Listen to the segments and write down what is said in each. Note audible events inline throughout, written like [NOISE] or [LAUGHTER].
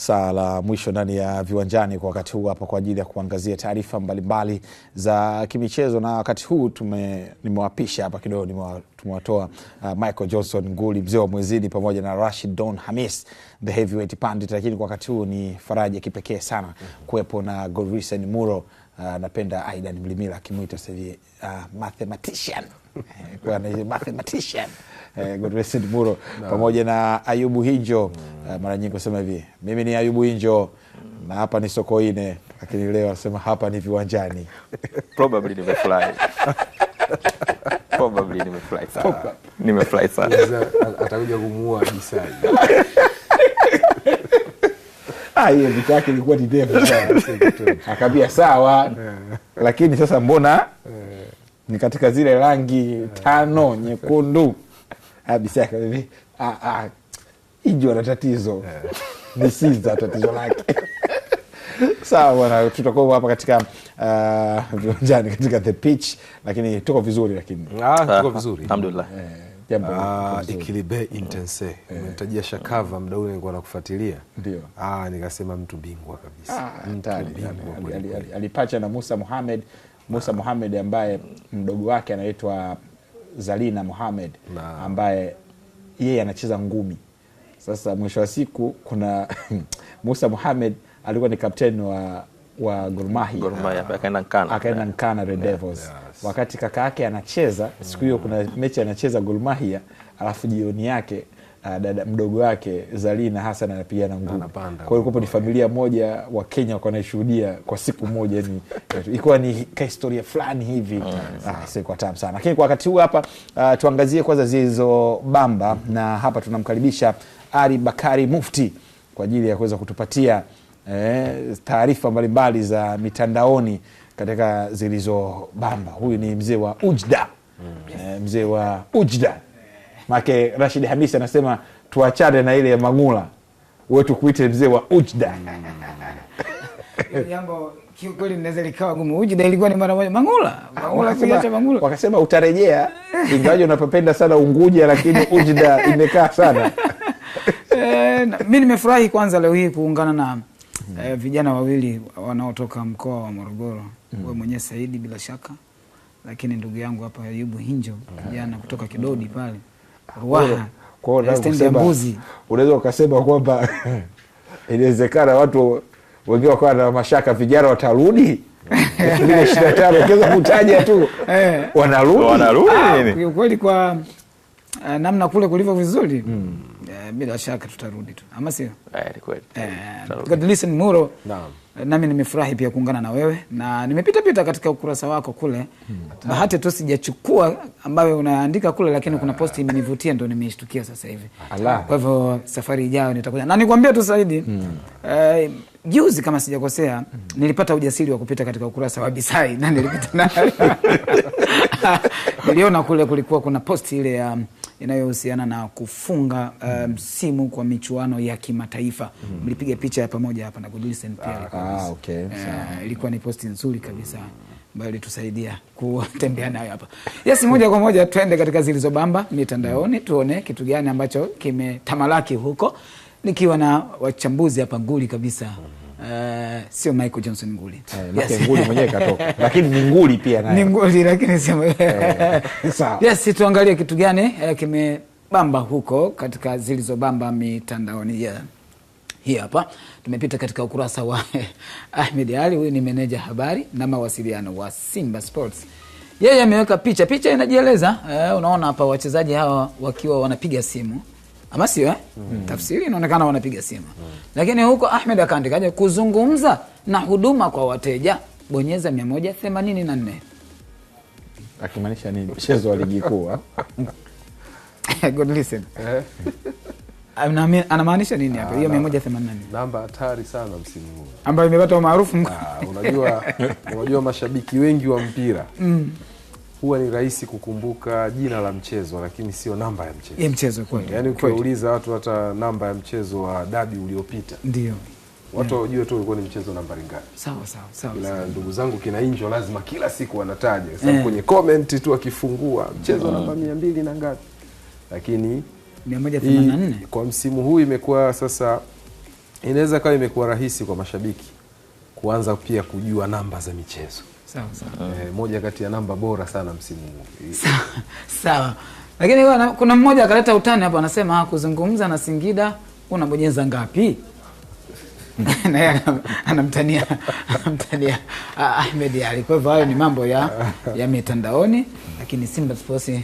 saa la mwisho ndani ya viwanjani kwa wakati huu hapa kwa ajili ya kuangazia taarifa mbalimbali za kimichezo, na wakati huu nimewapisha hapa kidogo, tumewatoa uh, Michael Johnson nguli mzee wa mwezini pamoja na Rashid Don Hamis the heavyweight pandit, lakini kwa wakati huu ni faraja kipekee sana kuwepo na gorisen Muro anapenda ah, Uh, Aidan Mlimila akimwita sasa hivi uh, mathematician eh, kwa ni mathematician eh, Godblessed Muro no. pamoja na Ayubu Hinjo mm. uh, mara nyingi kusema hivi mimi ni Ayubu Hinjo mm. na hapa ni Sokoine, lakini leo anasema hapa ni viwanjani [LAUGHS] probably nimefurahi probably nimefurahi sana nimefurahi sana atakuja kumuua Jisai [LAUGHS] Ah, vita yake ilikuwa ni ndefu [LAUGHS] Akaambia sawa, eh. lakini sasa mbona eh. ni katika zile rangi eh. tano nyekundu. Abisi akaambia ah, ah, ah tatizo [LAUGHS] nisiza tatizo lake sawa bwana, tutakuwa hapa katika viwanjani katika the pitch, lakini tuko vizuri, lakini ah, tuko vizuri alhamdulillah. Ah, uh, ikilibe intense eh. umemtajia Shakava, mda ule nilikuwa nakufuatilia, ndio ah, nikasema mtu bingwa kabisa, ah, alipacha na Musa Muhammad. Musa ah. Muhammad ambaye mdogo wake anaitwa Zalina Muhammad ambaye yeye anacheza ngumi. Sasa mwisho wa siku kuna [LAUGHS] Musa Muhammad alikuwa ni kapteni wa wa Gor Mahia akaenda Nkana Red Devils yeah, yeah wakati kaka yake anacheza siku hiyo, kuna mechi anacheza Gor alafu jioni yake Uh, dada mdogo wake Zalina Hasan anapigana ngumi. kwao hiyo ni familia moja wa Kenya wakuwa naishuhudia kwa siku moja, ni ikiwa ni kahistoria fulani hivi Ah, ah tamu sana lakini kwa wakati huu hapa uh, tuangazie kwanza zilizobamba mm -hmm. Na hapa tunamkaribisha Ali Bakari Mufti kwa ajili ya kuweza kutupatia eh, taarifa mbalimbali za mitandaoni katika zilizobamba. Huyu ni mzee wa Ujda mm. mzee wa Ujda make Rashid Hamisi anasema tuachane na ile ya Mangula wewe tukuite mzee wa Ujda jambo kiukweli linaweza likawa gumu. ujda ilikuwa ni mara moja Mangula, Mangula siacha Mangula, wakasema utarejea, ingawaje unapopenda sana Unguja, lakini ujda imekaa sana. E, eh, mi nimefurahi kwanza leo hii kuungana na mm -hmm. E, vijana wawili wanaotoka mkoa wa Morogoro mm -hmm. we mwenyewe Saidi bila shaka, lakini ndugu yangu hapa Ayubu Hinjo mm. kijana mm -hmm. kutoka Kidodi pale Ruaha stendi ya mbuzi, unaweza ukasema kwamba [LAUGHS] inawezekana watu wengine wakawa na mashaka, vijana watarudi [LAUGHS] ishirini na tano ukiweza kutaja tu eh. wanarudi kiukweli, ah, kwa eh, namna kule kulivyo vizuri mm bila shaka tutarudi tu, ama sio? eh, eh Godlisten Muro, nami nimefurahi pia kuungana na wewe na nimepita pita katika ukurasa wako kule hmm. Bahati tu sijachukua ambayo unaandika kule, lakini kuna post imenivutia ndo nimeishtukia sasa hivi. Kwa hivyo safari ijayo nitakuja na nikwambia tu Saidi hmm. eh, juzi kama sijakosea hmm. nilipata ujasiri wa kupita katika ukurasa wa Bisai [LAUGHS] na nilipita na [LAUGHS] niliona kule kulikuwa kuna post ile ya um, inayohusiana na kufunga msimu um, kwa michuano ya kimataifa mhm. mlipiga picha ya pamoja hapa na pia ah, ah, okay. uh, ilikuwa ni posti nzuri kabisa ambayo ilitusaidia kutembea nayo hapa. Yes, moja kwa moja twende katika Zilizobamba mitandaoni mhm. tuone kitu gani ambacho kimetamalaki huko, nikiwa na wachambuzi hapa nguli kabisa mhm. Uh, sio Michael Johnson nguli eh, yes. nguli mwenyewe katoka [LAUGHS] lakini ni nguli pia naye ni nguli lakini sio. Eh, sawa yes tuangalie kitu gani kimebamba huko katika zilizobamba mitandaoni yeah. hii hapa tumepita katika ukurasa wa [LAUGHS] Ahmed Ali huyu ni meneja habari na mawasiliano wa Simba Sports yeye ameweka picha picha inajieleza eh, unaona hapa wachezaji hawa wakiwa wanapiga simu ama sio eh? mm. Tafsiri inaonekana wanapiga simu mm. Lakini huko Ahmed akaandikaje? Kuzungumza na huduma kwa wateja, bonyeza 184 akimaanisha ni mchezo wa ligi kuu eh? [LAUGHS] God listen eh? anamaanisha nini hapa? Ah, Hiyo 184 namba hatari sana msimu huu ambayo imepata umaarufu. Ah, unajua, [LAUGHS] unajua mashabiki wengi wa mpira mm huwa ni rahisi kukumbuka jina la mchezo lakini sio namba ya mchezo. Ye mchezo kweli. Yaani ukiwauliza watu hata namba ya mchezo wa dabi uliopita. Ndio. Watu wajue yeah, tu ulikuwa ni mchezo nambari ngapi. Sawa sawa sawa. Na ndugu zangu kina Injo lazima kila siku wanataja. Sasa yeah, kwenye comment tu akifungua mchezo mm, namba mbili na ngapi. Lakini 184 kwa msimu huu imekuwa sasa inaweza kawa imekuwa rahisi kwa mashabiki kuanza pia kujua namba za michezo sawa sawa. E, moja kati ya namba bora sana msimu huu. [LAUGHS] Sawa Lakini kuna mmoja akaleta utani hapa, anasema ah, kuzungumza na Singida unabonyeza ngapi? [LAUGHS] naye anamtania anamtania Ahmed Ali. Kwa hivyo hayo ni mambo ya ya mitandaoni, lakini Simba Sports uh,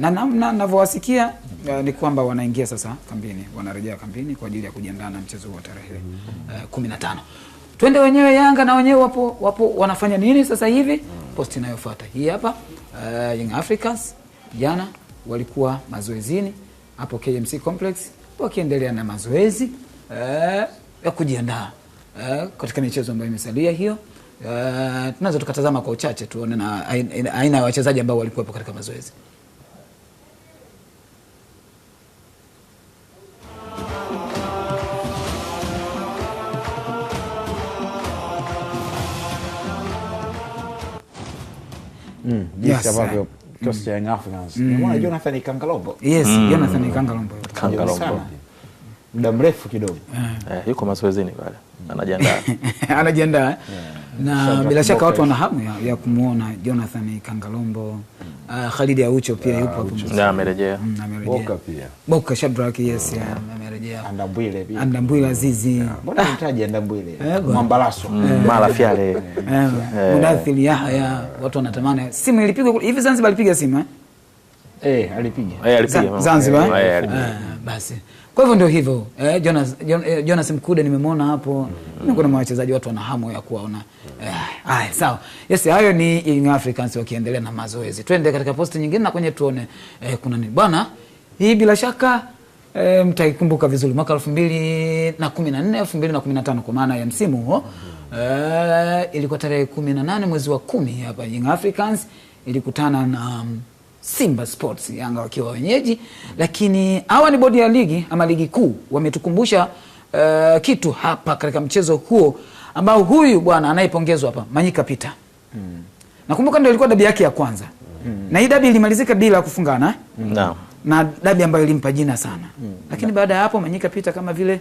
na na, uh, ni kwamba wanaingia sasa kambini, wanarejea kambini kwa ajili ya kujiandaa na mchezo wa tarehe uh, kumi twende wenyewe. Yanga na wenyewe wapo, wapo wanafanya nini sasa hivi? Posti inayofuata hii hapa. Uh, Young Africans jana walikuwa mazoezini hapo KMC Complex wakiendelea na mazoezi uh, ya kujiandaa uh, katika michezo ambayo imesalia hiyo. Uh, tunaweza tukatazama kwa uchache tuone na aina ya wachezaji ambao walikuwepo katika mazoezi. mm, jinsi ambavyo kikosi cha Young Africans Unaona Jonathan Kangalombo yes mm. Jonathan Kangalombo Kangalombo muda mrefu kidogo yuko eh. eh, mazoezini pale anajiandaa [LAUGHS] anajiandaa eh? na bila shaka watu wana hamu ya, ya kumwona Jonathan Kangalombo mm. uh, Khalid Aucho pia ah, yupo hapo na amerejea mm, amerejea Boka pia Boka Shadrack yes mm. ya, amerejea Andambwile pia Andambwile Azizi mbona ah. mtaji Andambwile eh, Mwambalaso mm. Eh. Mala Fiale eh. Mudathir Yahya watu wanatamani simu ilipigwa hivi Zanzibar alipiga simu eh eh alipiga eh alipiga Zanzibar eh basi kwa hivyo ndio hivyo eh, Jonas, Jonas eh, Jonas Mkude nimemwona hapo mm. -hmm. Kuna wachezaji watu wana hamu ya kuwaona Eh, haya sawa. Yes, hayo ni Young Africans wakiendelea na mazoezi. Twende katika posti nyingine na kwenye tuone eh, kuna nini. Bwana, hii bila shaka eh, mtaikumbuka vizuri mwaka 2014 2015 kwa maana ya msimu huo Eh, ilikuwa tarehe 18 mwezi wa kumi hapa Young Africans ilikutana na um, Simba Sports, Yanga wakiwa wenyeji, lakini hawa ni bodi ya ligi ama ligi kuu wametukumbusha uh, kitu hapa katika mchezo huo ambao huyu bwana anayepongezwa hapa Manyika Peter mm. nakumbuka ndio ilikuwa dabi yake ya kwanza mm. na hii dabi ilimalizika bila kufungana eh? hmm. no. na dabi ambayo ilimpa jina sana mm. lakini na. baada ya hapo Manyika Peter kama vile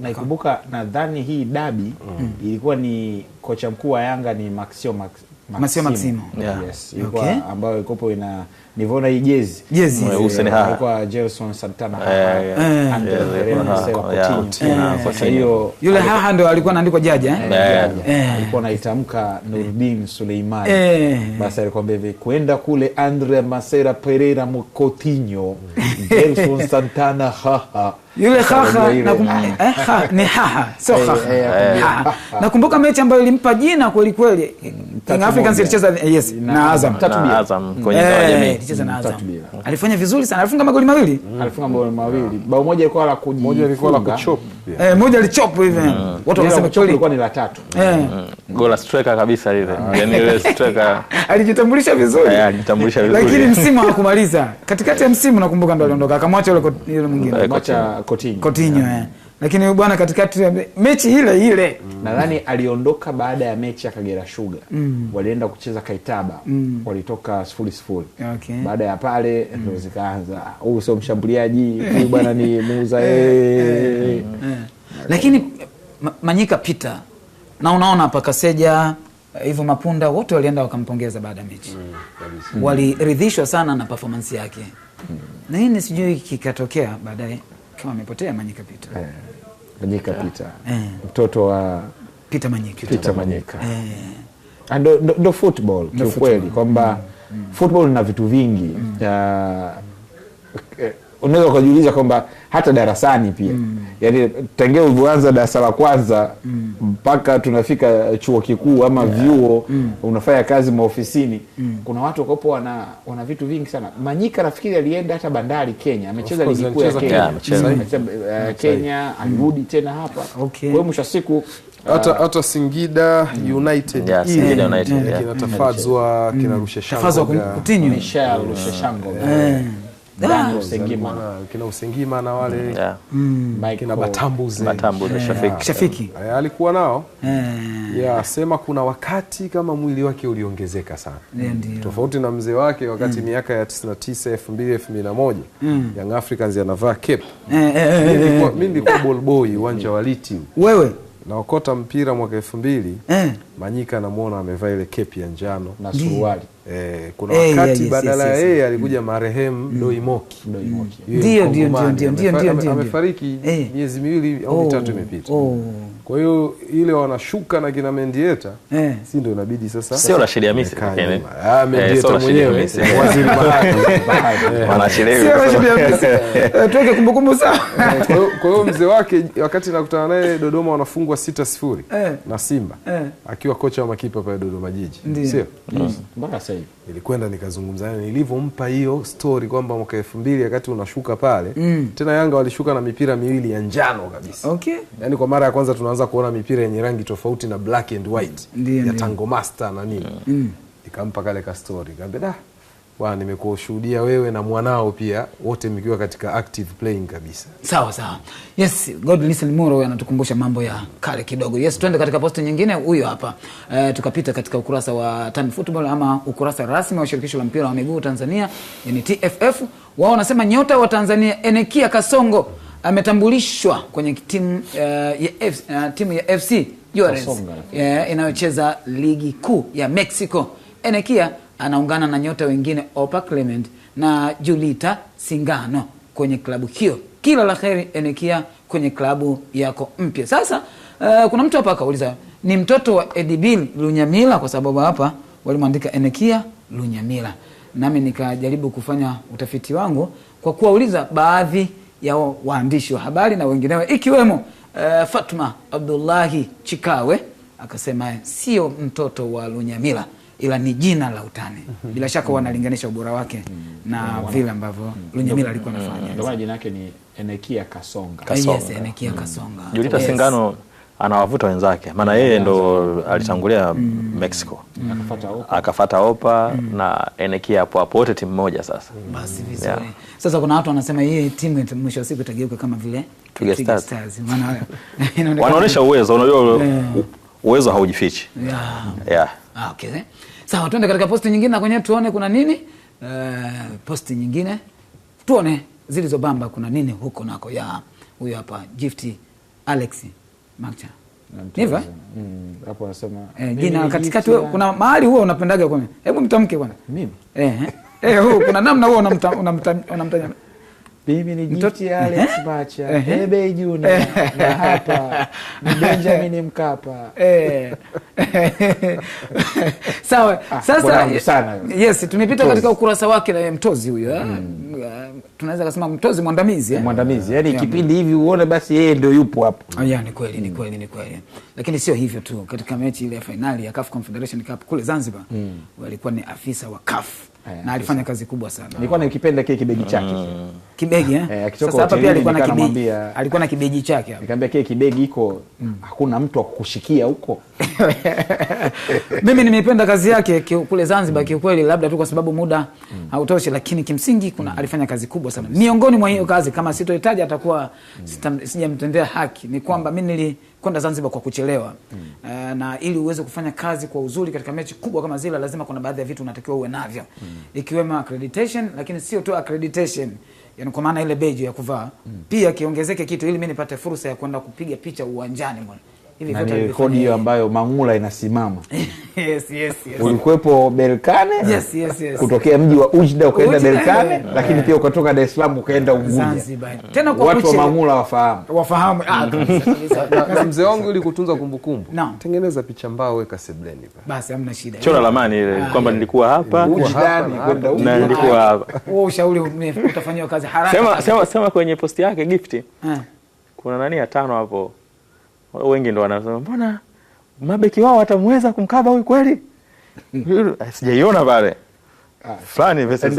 naikumbuka nadhani hii dabi mm. ilikuwa ni kocha mkuu wa Yanga ni Maxio Max, Masio Maximo. Yeah. Yes. Ilikuwa okay. ambayo ilikopo ina nivona hii jezi. Jezi. Mweusi ni hapo. Ilikuwa Gelson Santana hapa. Eh, eh. uh-huh. eh. Sasa yule haha ndio alikuwa anaandikwa jaja eh. Alikuwa anaitamka Nurdin Suleiman. Basi alikwambia hivi kwenda kule Andrea Masera Pereira Coutinho [LAUGHS] Gelson Santana haha yule ah. eh, haha ni haha sio eh, eh, haha. Nakumbuka mechi ambayo ilimpa jina kweli kweli, king Africans ilicheza yes na Azam na Azam kwenye eh, ilicheza na mm, Azam, alifanya vizuri sana, alifunga magoli mawili, mm. alifunga magoli mawili, bao moja ilikuwa la kuji, moja ilikuwa la kuchop, eh, moja alichop hivi, mm. watu wanasema kweli ilikuwa ni la tatu, eh, gola striker kabisa ile ah. yani ile striker [LAUGHS] alijitambulisha vizuri, alijitambulisha vizuri, lakini msimu hakumaliza. Katikati ya msimu nakumbuka ndo aliondoka, akamwacha yule yule mwingine, akamwacha Coutinho. Coutinho yeah. Yeah. Lakini huyu bwana katikati mechi ile ile mm. nadhani aliondoka baada ya mechi ya Kagera Sugar mm. walienda kucheza Kaitaba mm. walitoka sifuri sifuri. Okay. Baada ya pale mm. zikaanza, huyu sio mshambuliaji [LAUGHS] huyu bwana ni muuza eh, eh, eh. Lakini Manyika Peter na unaona hapa Kaseja hivyo Mapunda wote walienda wakampongeza baada ya mechi mm. waliridhishwa sana na performance yake mm. na nini sijui kikatokea baadaye amepotea Manyika Peter. Eh, Manyika eh. Peter. Eh. Mtoto wa Peter Manyika. Peter Manyika. Eh. Ah, ndo football kiukweli kwamba mm. mm. football na vitu vingi mm. uh, unaweza ukajiuliza kwamba hata darasani pia mm. yani tangia ulivyoanza darasa la kwanza mm. mpaka mm. tunafika chuo kikuu ama yeah. vyuo mm. unafanya kazi maofisini mm. kuna watu wakapo wana, wana vitu vingi sana Manyika nafikiri alienda hata bandari Kenya amecheza ligi kuu ya Kenya, yeah, uh, Kenya mm. alirudi mm. tena hapa okay. kwa hiyo mwisho wa siku hata uh, mm. Singida United kinatafazwa kinarusha kinarusha Ah. kina Usengima na wale mm, mm, kina Batambuze, Shafiki, eh, alikuwa nao eh. yeah. sema kuna wakati kama mwili wake uliongezeka sana tofauti na mzee wake wakati mm. miaka ya 99 2000 2001 mm. Young Africans yanavaa cap eh, mimi nilikuwa ball boy uwanja wa Liti wewe naokota mpira mwaka 2000 mbili Manyika anamuona amevaa ile kepi ya njano na suruali eh, kuna hey, wakati yeah, yes, badala yeye yes, yes, yes. alikuja mm. marehemu mm. Doi Moki mm. ndio ndio ndio ndio ndio amefariki eh. miezi hey. miwili au oh, mitatu imepita oh. Kwa hiyo ile wanashuka na kina Mendieta eh, si ndio inabidi sasa, sio la sheria misi ah, Mendieta mwenyewe waziri mahali [LAUGHS] eh. wana sheria misi eh. tuweke kumbukumbu sawa. Kwa hiyo mzee wake wakati nakutana naye Dodoma wanafungwa 6-0 na Simba akiwa nikiwa kocha wa makipa pale Dodoma Jiji, sio mm. mpaka sasa hivi, nilikwenda nikazungumza naye, nilivyompa hiyo story kwamba mwaka elfu mbili wakati unashuka pale mm. tena Yanga walishuka na mipira miwili ya njano kabisa okay. Yani kwa mara ya kwanza tunaanza kuona mipira yenye rangi tofauti na black and white ndiyo, ya ndiyo. Tango Master na nini yeah. mm. Nikampa kale ka story, kaambia Bwana, nimekushuhudia wewe na mwanao pia wote mkiwa katika active playing kabisa. Sawa sawa, yes. Godlisten Muro anatukumbusha mambo ya kale kidogo. Yes, twende katika posti nyingine. Huyo hapa e, tukapita katika ukurasa wa Tan Football ama ukurasa rasmi wa shirikisho la mpira wa miguu Tanzania, yani TFF. Wao wanasema nyota wa Tanzania Enekia Kasongo ametambulishwa kwenye timu uh, eh, ya F, uh, timu ya FC Juarez yeah, inayocheza ligi kuu ya Mexico. Enekia anaungana na nyota wengine Opa Clement na Julita Singano kwenye klabu hiyo. Kila la heri Enekia kwenye klabu yako mpya. Sasa uh, kuna mtu hapa akauliza ni mtoto wa Edibil Lunyamila, kwa sababu hapa walimwandika Enekia Lunyamila, nami nikajaribu kufanya utafiti wangu kwa kuwauliza baadhi ya waandishi wa habari na wengineo ikiwemo uh, Fatma Abdullahi Chikawe akasema sio mtoto wa Lunyamila ila ni jina la utani. Mhm. Bila shaka wanalinganisha ubora wake mhm. na vile ambavyo mhm. Lunyamila alikuwa anafanya. Ndio maana jina yake ni Enekia Kasonga. Ah, yes, Enekia Kasonga. Julita Singano anawavuta wenzake, maana yeye ndo mm. alitangulia mm. Mexico mm. akafata opa na Enekia hapo hapo, wote timu moja. Sasa basi vizuri. Sasa kuna watu wanasema hii timu mwisho wa siku itageuka kama vile Twiga Stars, maana [LAUGHS] wanaonesha uwezo, unajua uwezo haujifichi. Yeah. Ah, okay. Sawa, tuende katika posti nyingine na kwenyewe tuone kuna nini. E, posti nyingine tuone zilizobamba kuna nini huko nako ya huyo hapa Gift Alex Makcha. Ndivyo? Eh? Mm, hapo anasema eh, jina katikati wewe kuna mahali huo unapendaga kwa mimi. Hebu mtamke bwana. Mimi. Eh, eh. Eh, huu kuna namna huo unamtanya mimi ni jiti Alex Macha Ebe Juna na hapa ni Benjamin Mkapa. Eh. [LAUGHS] Sawa, ah, sasa yes, tumepita katika ukurasa wake na mtozi huyo eh? mm. Eh, tunaweza kusema mtozi mwandamizi eh? mwandamizi yani yeah. Kipindi hivi uone basi yeye ndio yupo hapo. Yeah, ni kweli ni kweli ni kweli, lakini sio hivyo tu. Katika mechi ile ya fainali ya CAF Confederation Cup kule Zanzibar mm. walikuwa ni afisa wa CAF Eh, na alifanya kazi kubwa sana. Nilikuwa nikipenda kile kibegi chake. Kibegi eh? eh Sasa hapa pia alikuwa na kibegi. Alikuwa na kibegi chake hapo. Nikamwambia kile kibegi iko mm. hakuna mtu akukushikia huko. [LAUGHS] mimi nimeipenda kazi yake kule Zanzibar mm. kiukweli, labda tu kwa sababu muda hautoshi, lakini kimsingi kuna mm. alifanya kazi kubwa sana. Miongoni mwa hiyo kazi kama sitoitaja atakuwa mm. sijamtendea haki, ni kwamba mimi nilikwenda Zanzibar kwa kuchelewa mm. e, na ili uweze kufanya kazi kwa uzuri katika mechi kubwa kama zile, lazima kuna baadhi ya vitu unatakiwa uwe navyo, mm. ikiwemo accreditation, lakini sio tu accreditation yani kwa maana ile beji ya kuvaa mm. pia kiongezeke kitu, ili mimi nipate fursa ya kwenda kupiga picha uwanjani mwana ni rekodi hiyo ambayo Mangula inasimama [LAUGHS] yes, yes, yes. Ulikuwepo belkane yes, yes, yes. Kutokea mji wa Ujda ukaenda belkane yeah. Lakini pia ukatoka Dar es Salaam ukaenda Unguja. Tena kwa watu wa Mangula wafahamu wafahamu. Ah, mm. Mzee wangu ili kutunza kumbukumbu kumbu. no. Tengeneza picha mbao weka sebleni pale, basi hamna shida, chora lamani ile ah, kwamba nilikuwa hapa Ujda nikwenda Ujda na nilikuwa ah, hapa. Wewe ushauri utafanyiwa kazi haraka. Sema sema sema kwenye posti yake gifti eh. kuna nani ya tano hapo wengi ndo wanasema mbona mabeki wao watamweza kumkaba huyu kweli? [LAUGHS] Eh, sijaiona pale ah, fulani [LAUGHS]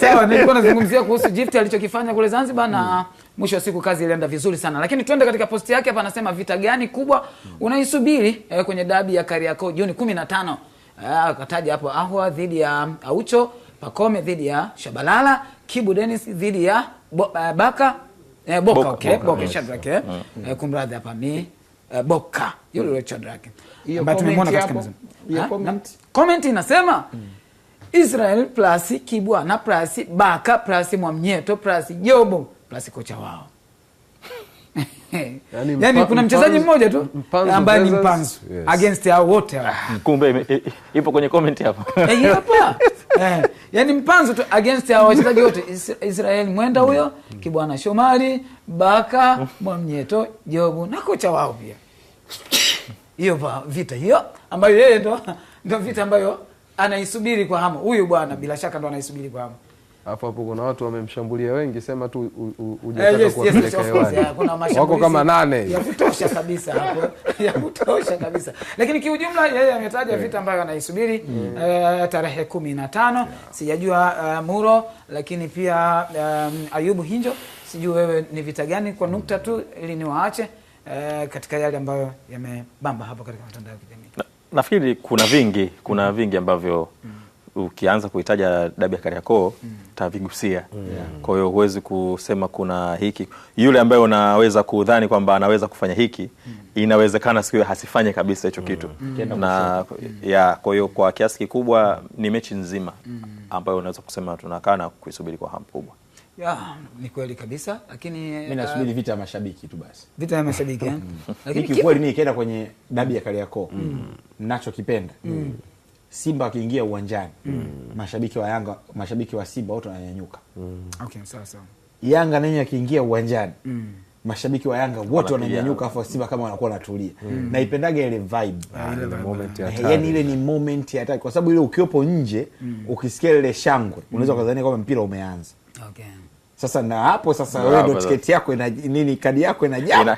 sawa. Nilikuwa nazungumzia kuhusu Jifti alichokifanya kule Zanzibar na mwisho wa siku kazi ilienda vizuri sana, lakini twende katika posti yake hapa. Anasema vita gani kubwa unaisubiri eh, kwenye dabi ya Kariakoo Juni kumi na tano. Ah, akataja hapo Ahwa dhidi ya Aucho, Pakome dhidi ya Shabalala, Kibu Dennis dhidi ya eh, Baka eh, Boka, Boka, okay. Boka, Boka yes. Shadrack eh, mm. eh kumradhi hapa mi eh, Boka yule yule Shadrack ambaye tumemwona katika mzima. Comment comment inasema mm. Israel plus Kibwana plus Baka plus Mwamnyeto plus Jobo plus kocha wao yani, [LAUGHS] yani kuna mchezaji mmoja tu ambaye ni mpanzu yes. against hao wote ah, kumbe ipo kwenye comment hapa [LAUGHS] eh, hapa [LAUGHS] eh, yani mpanzu tu against hao wachezaji wote Israel Mwenda mm. huyo Kibwana Shomari Baka Mwamnyeto Jobu na kocha wao pia hiyo vita hiyo ambayo yeye ndo ndo vita ambayo anaisubiri kwa hamu huyu bwana bila shaka ndo anaisubiri kwa hamu Alafu hapo kuna watu wamemshambulia wengi, sema tu hujataka eh, Wako kama nane ya kutosha kabisa hapo [LAUGHS] ya kutosha kabisa, lakini kiujumla yeye ametaja yeah. vita ambayo anaisubiri mm. uh, tarehe kumi na tano yeah. Sijajua uh, Muro, lakini pia um, Ayubu Hinjo, sijui wewe ni vita gani kwa mm. nukta tu ili niwaache uh, katika yale ambayo yamebamba hapo katika mitandao ya kijamii na, nafikiri kuna vingi kuna mm. vingi ambavyo mm. ukianza kuhitaja dabi ya Kariakoo mm atavigusia yeah. Kwa hiyo huwezi kusema kuna hiki, yule ambaye unaweza kudhani kwamba anaweza kufanya hiki mm. Inawezekana siku hiyo hasifanye kabisa hicho mm. kitu mm. na ya kwa hiyo kwa kiasi kikubwa ni mechi nzima mm. ambayo unaweza kusema tunakaa na kuisubiri kwa hamu kubwa. Ya, ni kweli kabisa lakini mimi eh, nasubiri uh, vita ya mashabiki tu basi. Vita ya mashabiki eh. Mm. Lakini kweli mimi ikienda kwenye dabi ya Kariakoo mm. mnachokipenda mm. Simba wakiingia uwanjani mm. mashabiki wa Yanga, mashabiki wa Simba wote wananyanyuka mm. okay, sawa sawa. Yanga nenye akiingia uwanjani mm. mashabiki wa Yanga wote wananyanyuka, afu Simba kama wanakuwa wanatulia mm. naipendaga ile vibe ah, eh, yani, ile ni moment ya hatari, kwa sababu ile ukiwepo nje mm. ukisikia ile shangwe unaweza mm. ukazania kwamba mpira umeanza okay sasa na hapo sasa wewe ndo tiketi yako ina, nini kadi yako inajaa ina,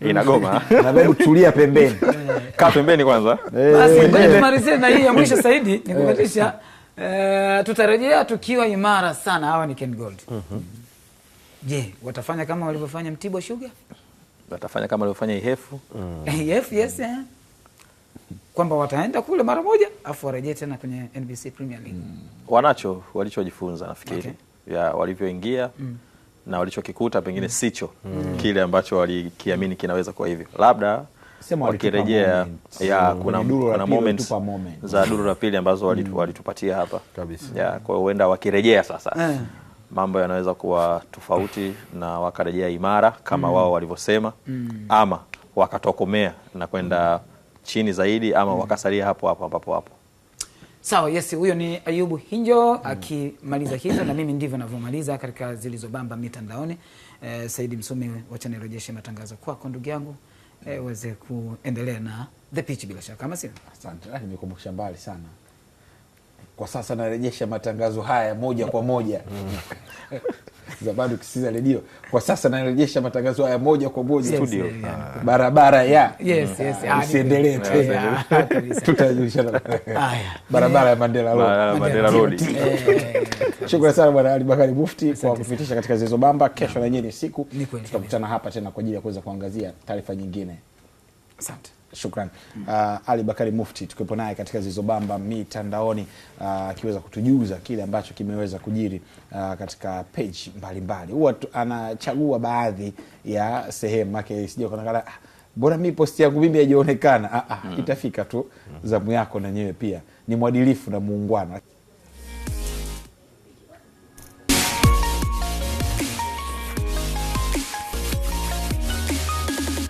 inagoma [LAUGHS] nabidi tulia pembeni [LAUGHS] kaa pembeni kwanza eh. basi hey. tumalizie na hii ya mwisho saidi [LAUGHS] nikukatisha eh. uh, eh, tutarejea tukiwa imara sana hawa ni Ken Gold mm-hmm. je watafanya kama walivyofanya Mtibwa Sugar watafanya kama walivyofanya Ihefu mm. Ihefu yes eh? kwamba wataenda kule mara moja afu warejee tena kwenye NBC Premier League mm. wanacho walichojifunza nafikiri okay ya walivyoingia mm. na walichokikuta pengine mm. sicho mm. kile ambacho walikiamini kinaweza kuwa hivyo, labda wakirejea ya mm. kuna, kuna moment. za duru la pili ambazo walitupatia mm. walitupatia hapa ya, kwa huenda wakirejea sasa eh. mambo yanaweza kuwa tofauti na wakarejea imara kama mm. wao walivyosema mm. ama wakatokomea na kwenda mm. chini zaidi ama mm. wakasalia hapo hapo ambapo hapo Sawa, yes, huyo ni Ayubu Hinjo akimaliza hivyo, na mimi ndivyo navyomaliza katika Zilizobamba mitandaoni. Eh, Saidi Msumi, wacha nirejeshe matangazo kwako ndugu yangu eh, uweze eh, kuendelea na the pitch bila shaka, kama sio? Asante, ah, nimekumbusha mbali sana kwa sasa narejesha matangazo haya moja kwa moja mm za bado kisiza redio kwa sasa narejesha matangazo haya moja kwa moja studio ah. barabara ya ah, isiendelee [LAUGHS] tena ah, tutajulishana barabara ya Mandela Road eh. shukrani sana bwana Ali Bakari Mufti kwa kupitisha katika Zilizo Bamba kesho na nyie ni siku tutakutana hapa tena kwa ajili ya kuweza kuangazia taarifa nyingine asante Shukran. Uh, Ali Bakari Mufti tukiwepo naye katika Zilizobamba mitandaoni uh, akiweza uh, kutujuza kile ambacho kimeweza kujiri uh, katika page mbalimbali. Huwa anachagua baadhi ya sehemu make sija kuonekana ah, bora mi posti yangu mimi haijaonekana. Ah, ah, mm. itafika tu zamu yako na nyewe pia ni mwadilifu na muungwana.